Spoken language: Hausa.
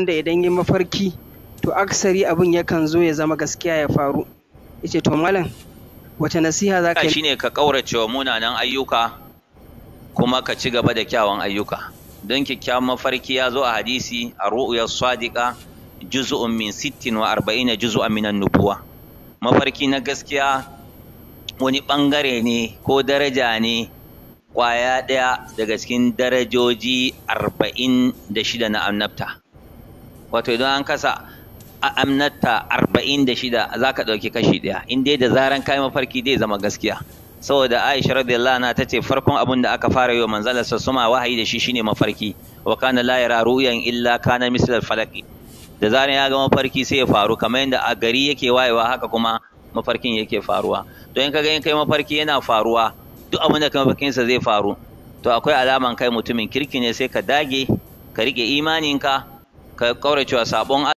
wanda idan yi mafarki to aksari abin yakan zo ya zama gaskiya ya faru yace to malam wace nasiha za ka shine ka kaurace wa munanan ayyuka kuma ka ci gaba da kyawun ayyuka don kyakkyawan mafarki ya zo a hadisi a ru'uyar sadiqa juz'un min sittin wa arba'ina juz'an minan nubuwa mafarki na gaskiya wani bangare ne ko daraja ne kwaya daya daga cikin darajoji arba'in da shida na annabta wato idan an kasa a amnatta arba'in da shida za ka ɗauki kashi ɗaya in dai da zaran kayan mafarki dai zama gaskiya saboda aisha radiyallahu anha tace farkon abin da aka fara yi wa sa sassuma wahayi da shi shine mafarki wa kana la yara ru'yan illa kana misal falaki da zaran ya ga mafarki sai ya faru kamar yadda a gari yake wayewa haka kuma mafarkin yake faruwa to in ka in kai mafarki yana faruwa duk abin da kai mafarkin sa zai faru to akwai alaman kai mutumin kirki ne sai ka dage ka rike imaninka ka kauracewa sabon